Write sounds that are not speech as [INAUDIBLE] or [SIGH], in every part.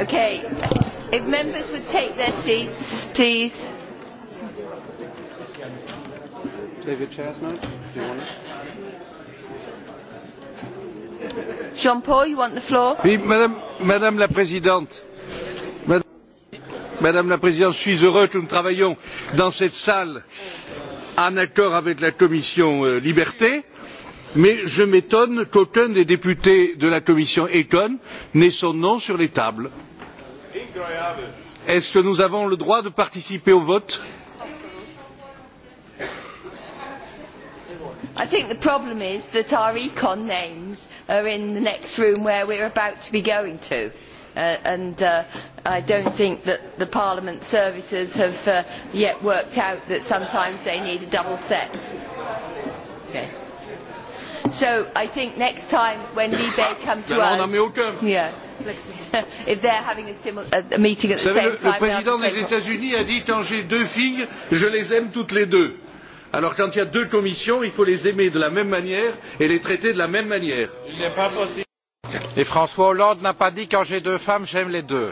Okay. If members would take their seats, please. David Chasnote, do you want it? Jean Paul, you want the floor? Oui, Madame, Madame la Présidente. Madame, Madame la Présidente, je suis heureux que nous travaillions dans cette salle en accord avec la Commission euh, Liberté mais je m'étonne qu'aucun des députés de la commission econ n'ait son nom sur les tables est ce que nous avons le droit de participer au vote? i think the problem is that our econ names are in the next room where we are about to be going to uh, and uh, i do not think that the parliament services have uh, yet worked out that sometimes they need a double set. Okay. so i think next time when libe come to us yeah, [LAUGHS] if they are having a, a meeting at the savez, same time. Le président des États-Unis a dit quand j'ai deux filles, je les aime toutes les deux. Alors quand il y a deux commissions, il faut les aimer de la même manière et les traiter de la même manière. Il n'est pas possible. Et François Hollande n'a pas dit quand j'ai deux femmes, j'aime les deux.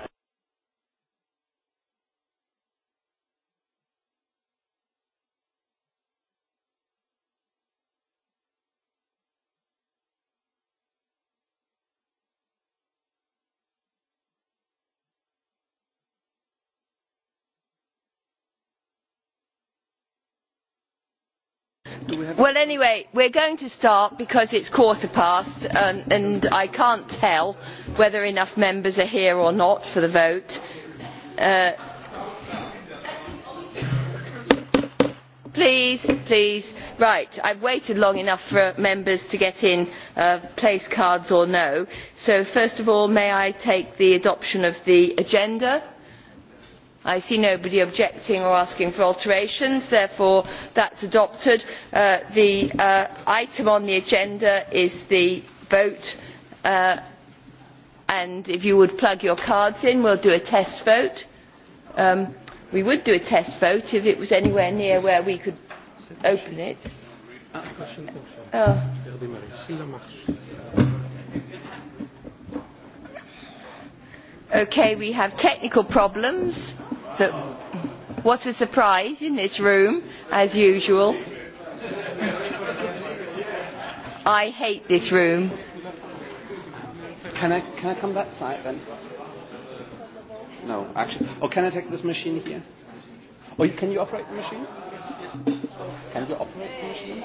well anyway we are going to start because it is quarter past and, um, and i cannot tell whether enough members are here or not for the vote. Uh, please please right i have waited long enough for members to get in uh, place cards or no so first of all may i take the adoption of the agenda? i see nobody objecting or asking for alterations therefore that is adopted. Uh, the uh, item on the agenda is the vote uh, and if you would plug your cards in we will do a test vote. Um, we would do a test vote if it was anywhere near where we could open it. Oh. Okay, we have technical problems that what a surprise in this room as usual i hate this room can i can i come that side then no actually oh can i take this machine here oh can you operate the machine can you operate the machine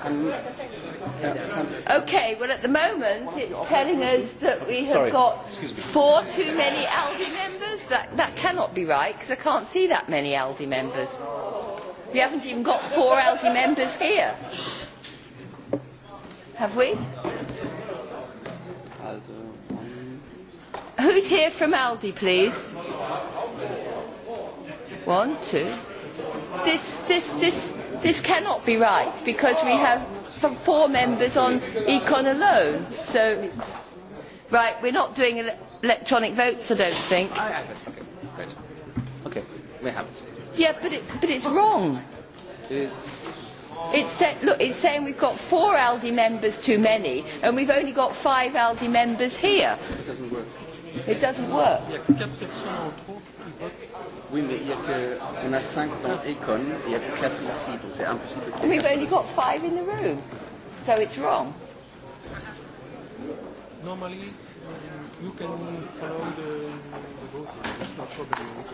can, yeah, can, okay well at the moment it's telling us that we have Sorry, got four too many aldi members that, that cannot be right because I can't see that many ALDE members. We haven't even got four ALDE members here. Have we? Who's here from ALDE, please? One, two. This, this, this, this cannot be right because we have four members on econ alone. So, right, we're not doing. Ele- electronic votes, I don't think. I have it. Okay, great. Okay, we have it. Yeah, but, it, but it's wrong. It's. It's say, look, it's saying we've got four ALDI members too many, and we've only got five ALDI members here. It doesn't work. It doesn't work. Il y a quatre personnes en trop qui votent. Oui, mais il y a que on a cinq dans Econ, il y a que quatre ici, donc c'est impossible. And we've only got five in the room, so it's wrong. Normally. Um you can follow the, the voting. That's not problem.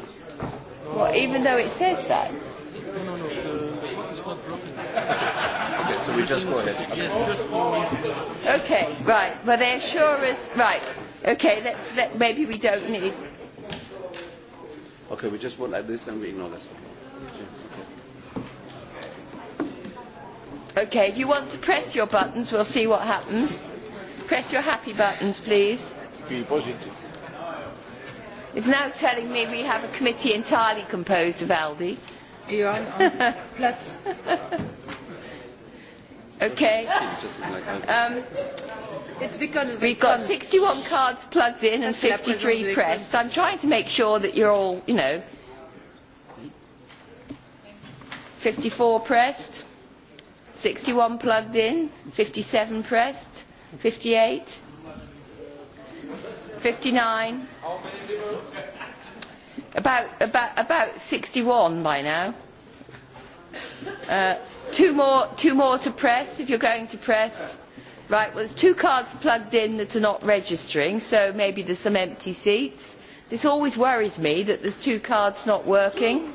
No, well, no, even no. though it says that. No, no, no. The, the vote is not blocking. Okay. okay, so we just go ahead. Okay. Yes, just go. Okay, right. Well, they assure us. Right. Okay, let's. Let, maybe we don't need. Okay, we just vote like this and we ignore this. Okay, if you want to press your buttons, we'll see what happens. Press your happy buttons, please be positive. It's now telling me we have a committee entirely composed of ALDI. You are [LAUGHS] plus. okay. Um, it's because we've got 61 cards plugged in and 53 pressed. I'm trying to make sure that you're all, you know, 54 pressed, 61 plugged in, 57 pressed, 58. 59 about, about, about 61 by now uh, two more two more to press if you're going to press right well there's two cards plugged in that are not registering so maybe there's some empty seats this always worries me that there's two cards not working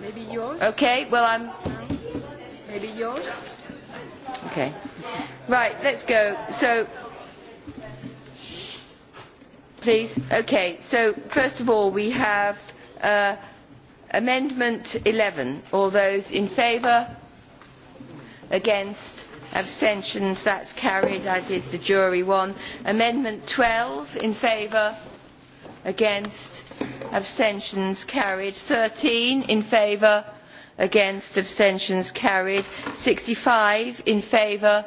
maybe yours okay well i'm maybe yours okay right let's go so please? Okay, so first of all we have uh, amendment eleven all those in favour against abstentions that is carried as is the jury one amendment twelve in favour against abstentions carried thirteen in favour against abstentions carried sixty five in favour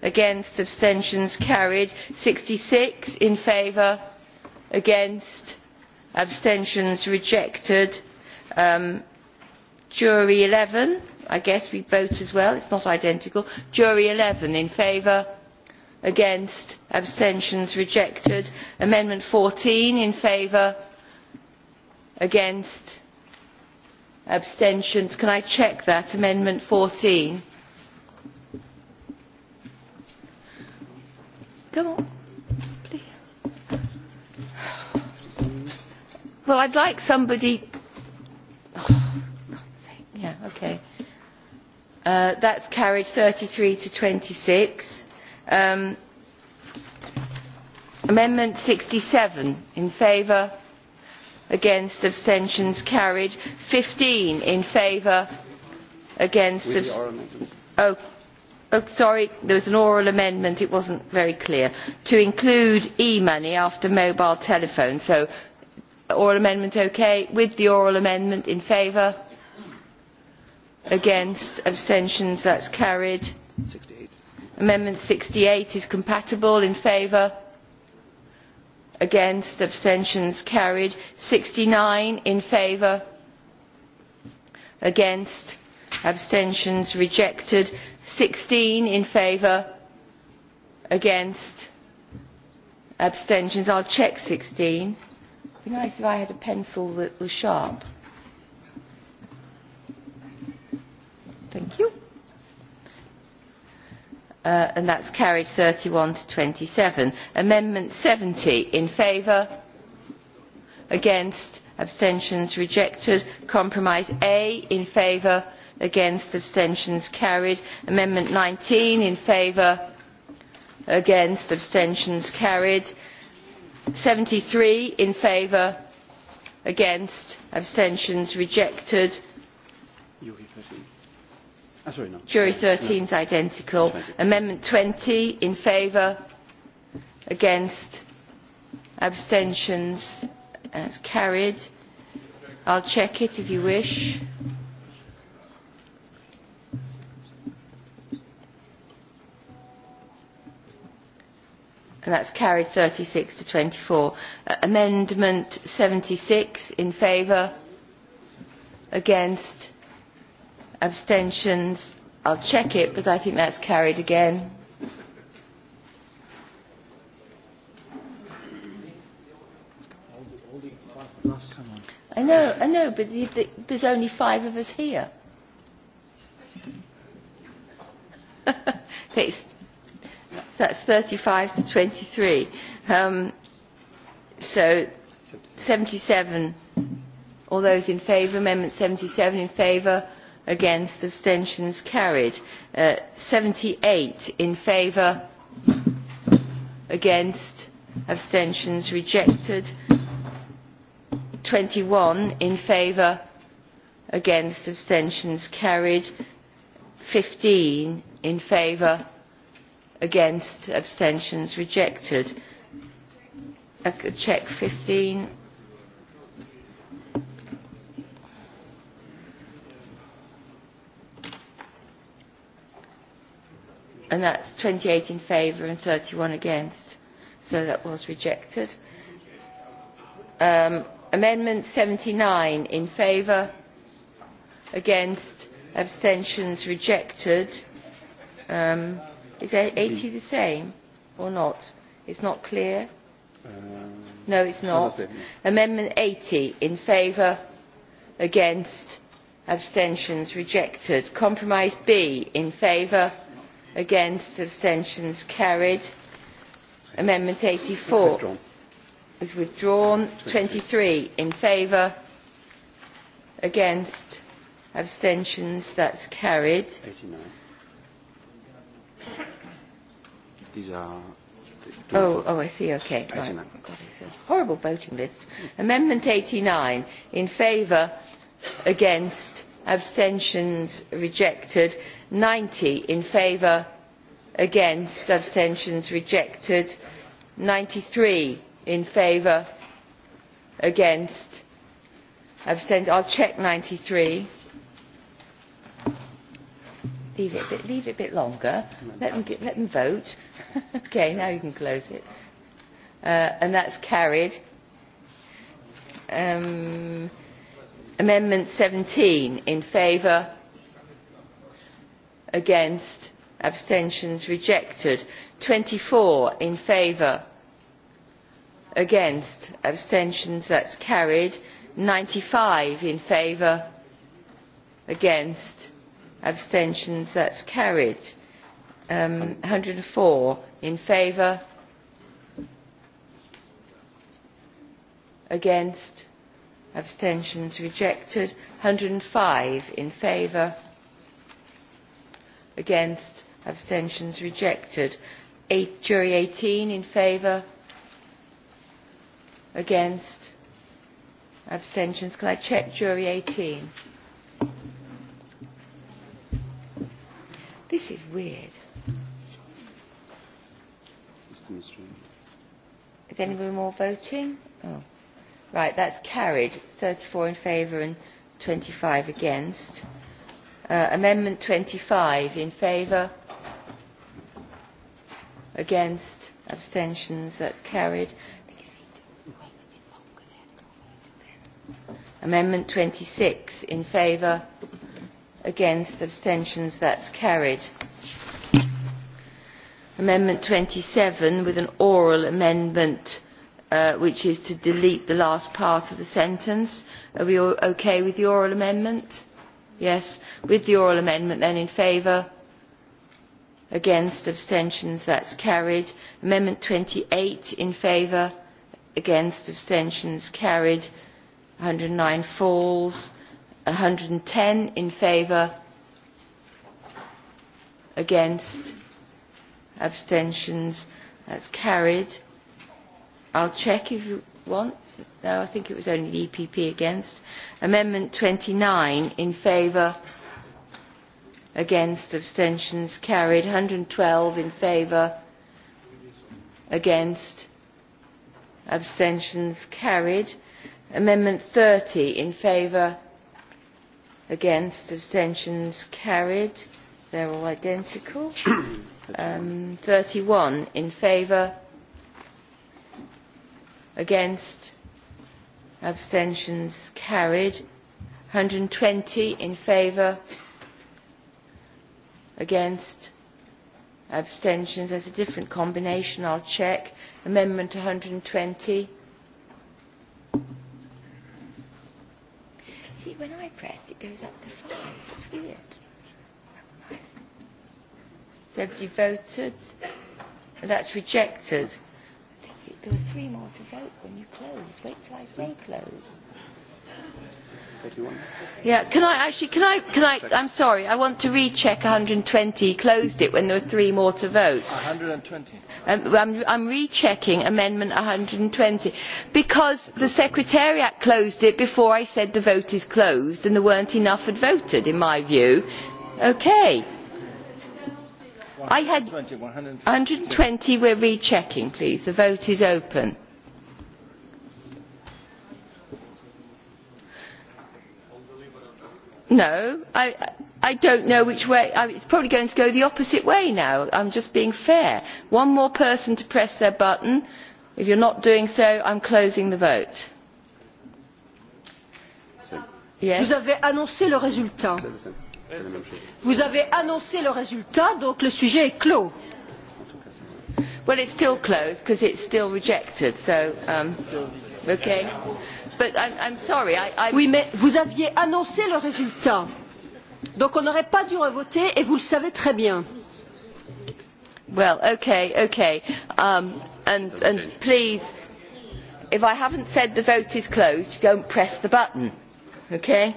against abstentions carried sixty six in favour against abstentions rejected um, jury 11 i guess we vote as well it's not identical jury 11 in favour against abstentions rejected amendment 14 in favour against abstentions can i check that amendment 14 come on Well, I'd like somebody. [SIGHS] Oh, saying... yeah, okay. Uh, that's carried 33 to 26. Um, amendment 67 in favour, against abstentions carried. 15 in favour, against. With the oral amendment. Oh, Oh, sorry there was an oral amendment it was not very clear to include e money after mobile telephone so oral amendment ok with the oral amendment in favour against abstentions that is carried 68. amendment sixty eight is compatible in favour against abstentions carried sixty nine in favour against abstentions rejected sixteen in favour against abstentions i will check sixteen It'd be nice if I had a pencil that was sharp. Thank you. Uh, and that's carried 31 to 27. Amendment 70 in favour, against, abstentions rejected. Compromise A in favour, against, abstentions carried. Amendment 19 in favour, against, abstentions carried seventy three in favour against abstentions rejected oh, sorry, no. jury thirteen is no. identical 20. amendment twenty in favour against abstentions as carried i'll check it if you wish. Mm -hmm. and that's carried 36 to 24. Uh, amendment 76 in favour, against, abstentions. I'll check it, but I think that's carried again. I know, I know, but the, the, there's only five of us here. Please. [LAUGHS] thirty five to twenty three um, so seventy seven all those in favour amendment seventy seven in favour against abstentions carried seventy uh, eight in favour against abstentions rejected twenty one in favour against abstentions carried fifteen in favour against abstentions rejected check 15 and that's 28 in favour and 31 against so that was rejected um, amendment 79 in favour against abstentions rejected um, Is 80 the same or not? It's not clear. Uh, no, it's not. It. Amendment 80 in favour, against, abstentions rejected. Compromise B in favour, against, abstentions carried. Amendment 84 withdrawn. is withdrawn. 23 in favour, against, abstentions that's carried. 89 These are. The oh, oh, I see. Okay. Right. God, it's a horrible voting list. Amendment 89 in favour, against, abstentions, rejected. 90 in favour, against, abstentions, rejected. 93 in favour, against, abstentions. I'll check 93 leave it a bit, leave it a bit longer. Let them, get, let them vote. [LAUGHS] okay, now you can close it. Uh, and that's carried. Um, amendment 17 in favour, against, abstentions rejected. 24 in favour, against, abstentions that's carried. 95 in favour, against, abstentions that is carried um, 104 in favour against abstentions rejected 105 in favour against abstentions rejected Eight, jury 18 in favour against abstentions can I check jury 18 This is weird. Is anybody more voting? Oh. Right, that's carried. 34 in favour and 25 against. Uh, amendment 25 in favour. Against. Abstentions. That's carried. Amendment 26 in favour against abstentions that is carried. amendment twenty seven with an oral amendment uh, which is to delete the last part of the sentence. are we all okay with the oral amendment? yes. with the oral amendment then in favour? against abstentions that is carried. amendment twenty eight in favour against abstentions carried. one hundred and nine falls hundred and ten in favour against abstentions that's carried i'll check if you want no i think it was only the epp against amendment twenty nine in favour against abstentions carried one hundred and twelve in favour against abstentions carried amendment thirty in favour against abstentions carried they are all identical [CLEARS THROAT] um, 31 in favour against abstentions carried 120 in favour against abstentions there's a different combination I'll check amendment 120 See, when I press, it goes up to five. It's weird. Has everybody voted? That's rejected. There were three more to vote when you close. Wait till I say close. Yeah, can I actually, can I, can I, I'm sorry, I want to recheck 120, closed it when there were three more to vote. 120. Um, I'm, I'm rechecking Amendment 120 because the Secretariat closed it before I said the vote is closed and there weren't enough had voted, in my view. Okay. I had 120, we're rechecking, please. The vote is open. no i, I do not know which way it is probably going to go the opposite way now i am just being fair one more person to press their button if you are not doing so i am closing the vote. Yes. vous avez annoncé le résultat vous avez annoncé le résultat donc le sujet est clos. well it is still closed because it is still rejected so um, okay but I'm, I'm sorry, I, I... Oui, mais vous aviez annoncé le résultat. Donc on n'aurait pas dû revoter et vous le savez très bien. Well, okay, okay. Um, and, and please, if I haven't said the vote is closed, don't press the button. Hmm. Okay?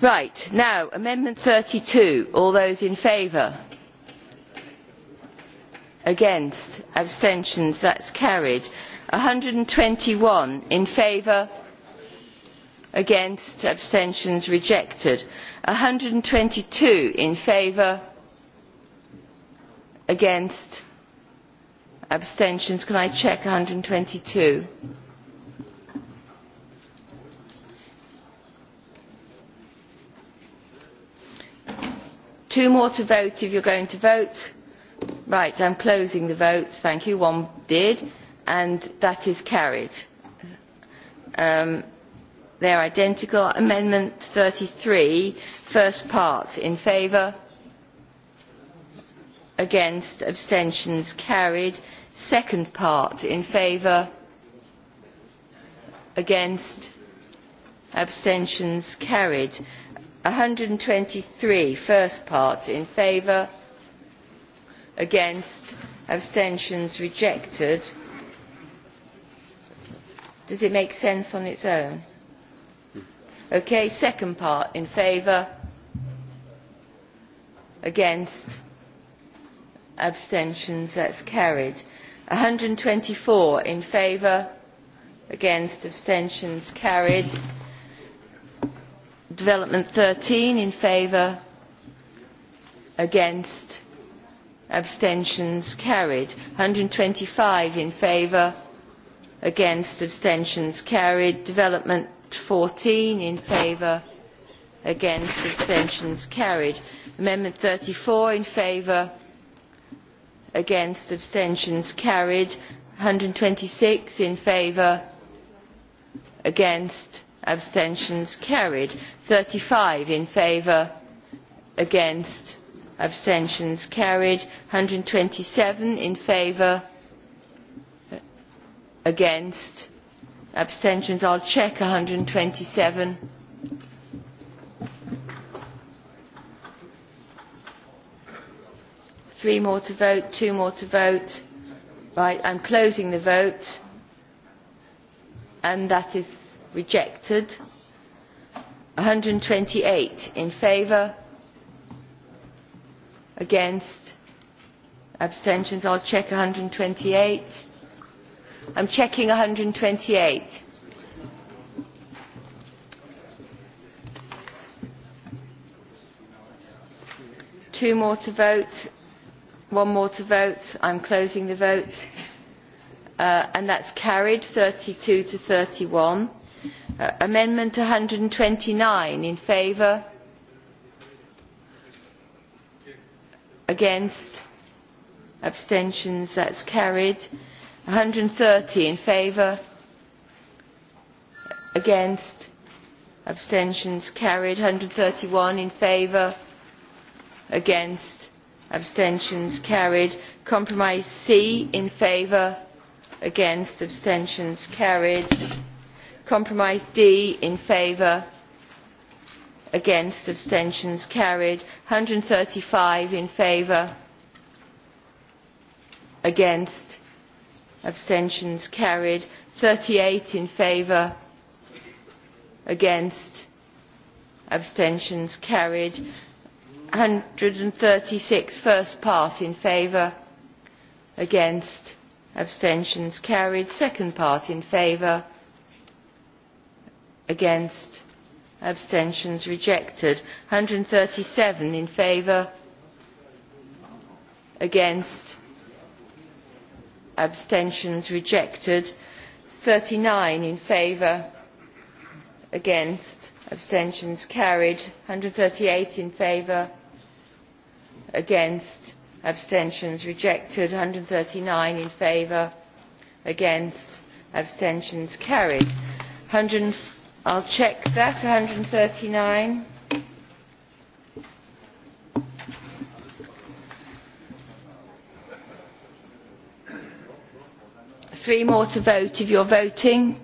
Right, now, Amendment 32. All those in favour? Against? Abstentions? That's carried one hundred and twenty one in favour against abstentions rejected one hundred and twenty two in favour against abstentions can i check one hundred and twenty two two more to vote if you are going to vote right i am closing the vote thank you one did and that is carried. Um, they are identical. Amendment 33, first part, in favour, against, abstentions carried. Second part, in favour, against, abstentions carried. 123, first part, in favour, against, abstentions rejected does it make sense on its own? okay second part in favour against abstentions that is carried one hundred and twenty four in favour against abstentions carried development thirteen in favour against abstentions carried one hundred and twenty five in favour against abstentions carried development 14 in favour against abstentions carried amendment 34 in favour against abstentions carried 126 in favour against abstentions carried 35 in favour against abstentions carried 127 in favour against against abstentions i'll check 127 three more to vote two more to vote right i'm closing the vote and that is rejected 128 in favour against abstentions i'll check 128 i am checking one hundred and twenty eight two more to vote one more to vote i am closing the vote uh, and that is carried thirty two to thirty one uh, amendment one hundred and twenty nine in favour against abstentions that is carried 130 in favour against abstentions carried 131 in favour against abstentions carried compromise c in favour against abstentions carried compromise d in favour against abstentions carried one hundred and thirty five in favour against abstentions carried thirty eight in favour against abstentions carried one hundred and thirty six first part in favour against abstentions carried second part in favour against abstentions rejected one hundred and thirty seven in favour against abstentions rejected thirty nine in favour against abstentions carried one hundred and thirty eight in favour against abstentions rejected one hundred and thirty nine in favour against abstentions carried i will check that one hundred and thirty nine three more to vote if you're voting.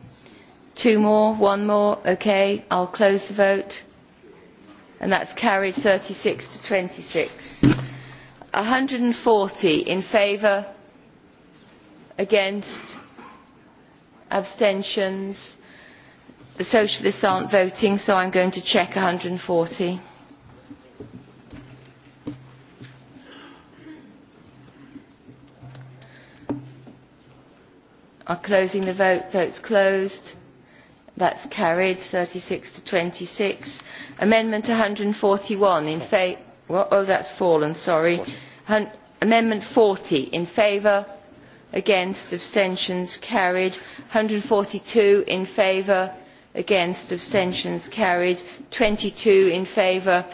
Two more, one more, okay, I'll close the vote. And that's carried 36 to 26. 140 in favour, against, abstentions. The socialists aren't voting, so I'm going to check 140. are closing the vote. Votes closed. That's carried. 36 to 26. Amendment 141 in favour. Oh, that's fallen. Sorry. Hun Amendment 40 in favour. Against abstentions carried. 142 in favour. Against abstentions carried. 22 in favour.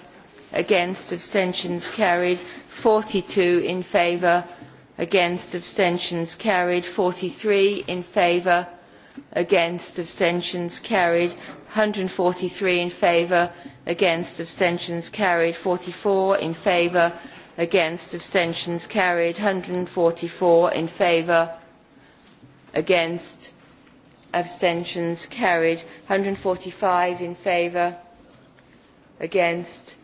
Against abstentions carried. 42 in favour against abstentions carried forty three in favour against abstentions carried one hundred and forty three in favour against abstentions carried forty four in favour against abstentions carried one hundred and forty four in favour against abstentions carried one hundred and forty five in favour against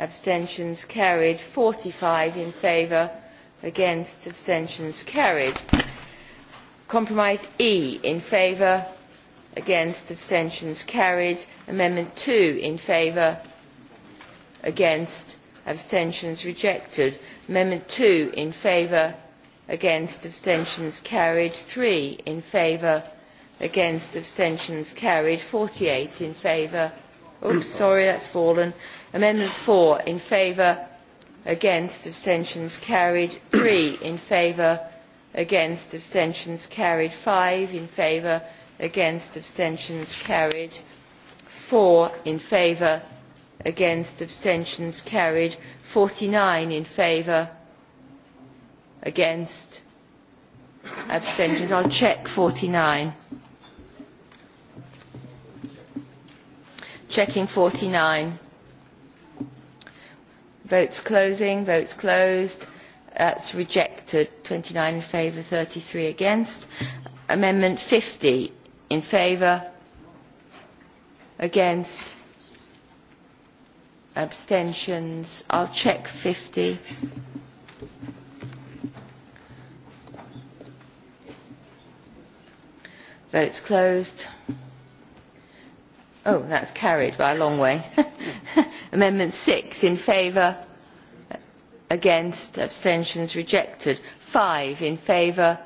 abstentions carried forty five in favour against abstentions carried compromise e in favour against abstentions carried amendment two in favour against abstentions rejected amendment two in favour against abstentions carried three in favour against abstentions carried forty eight in favour oops sorry that's fallen amendment four in favour against abstentions carried three [COUGHS] in favour against abstentions carried five in favour against abstentions carried four in favour against abstentions carried forty nine in favour against abstentions i'll check forty nine checking forty nine votes closing votes closed that's rejected 29 in favour 33 against amendment 50 in favour against abstentions i'll check 50 votes closed Oh, that's carried by a long way. [LAUGHS] Amendment 6 in favour, against, abstentions rejected. 5 in favour,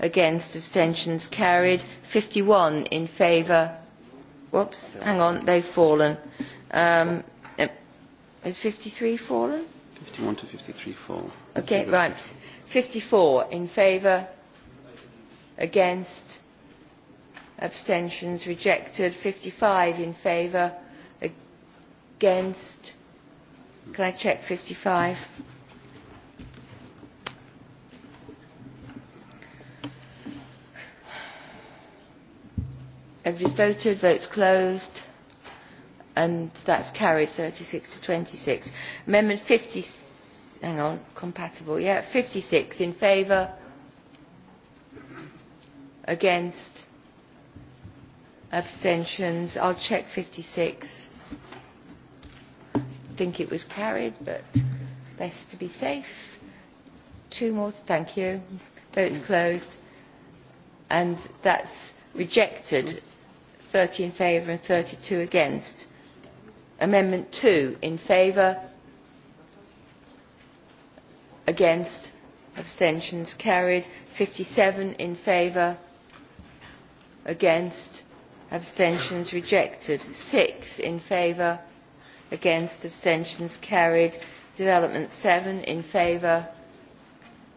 against, abstentions carried. 51 in favour, whoops, hang on, they've fallen. Um, uh, has 53 fallen? 51 to 53 fall. Okay, right. 54 in favour, against, abstentions rejected fifty five in favour against can i check fifty five everybody's voted votes closed and that's carried 36 to 26 amendment 50 hang on compatible yeah 56 in favour against abstentions i'll check 56 i think it was carried but best to be safe two more thank you votes closed and that's rejected 30 in favour and 32 against amendment 2 in favour against abstentions carried 57 in favour against abstentions rejected six in favour against abstentions carried development seven in favour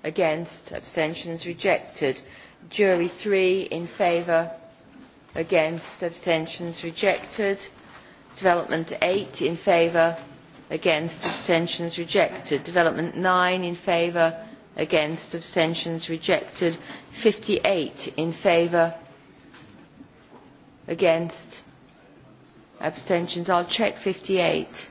against abstentions rejected jury three in favour against abstentions rejected development eight in favour against abstentions rejected development nine in favour against abstentions rejected fifty eight in favour against abstentions i'll check 58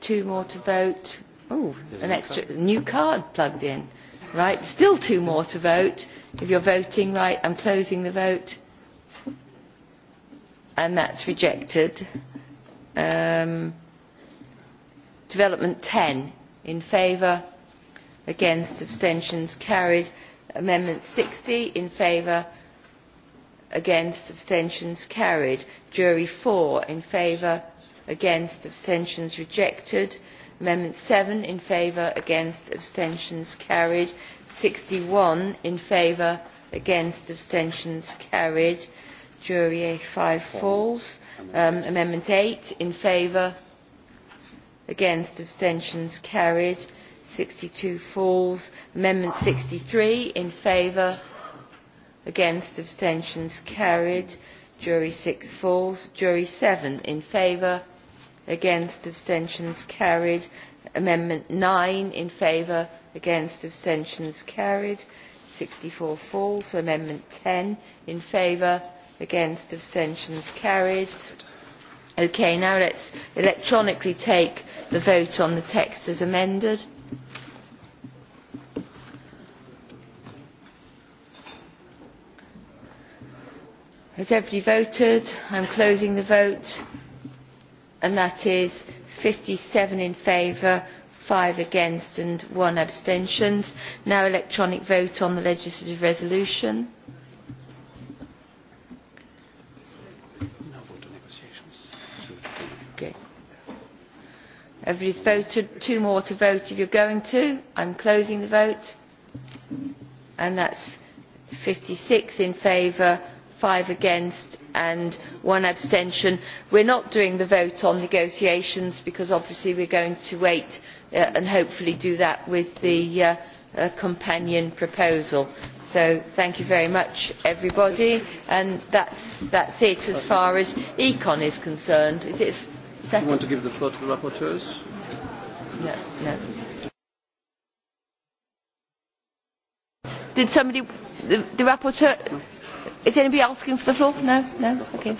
two more to vote oh an extra new card plugged in right still two more to vote if you're voting right i'm closing the vote and that's rejected um, development 10 in favour against abstentions carried amendment sixty in favour against abstentions carried jury four in favour against abstentions rejected amendment seven in favour against abstentions carried sixty one in favour against abstentions carried jury a five falls um, amendment eight in favour against abstentions carried sixty two falls amendment sixty three in favour against abstentions carried jury six falls jury seven in favour against abstentions carried amendment nine in favour against abstentions carried sixty four falls so amendment ten in favour against abstentions carried okay now let's electronically take the vote on the text as amended has everybody voted? i am closing the vote and that is fifty seven in favour five against and one abstention. now electronic vote on the legislative resolution. everybody has voted two more to vote if you are going to i am closing the vote and that is fifty six in favour five against and one abstention. we are not doing the vote on negotiations because obviously we are going to wait uh, and hopefully do that with the uh, uh, companion proposal. so thank you very much everybody and that is it as far as econ is concerned. It is That you want to give the floor to the rapporteurs? No, no. Did somebody, the, the rapporteur, no. is anybody asking for the floor? No, no, okay.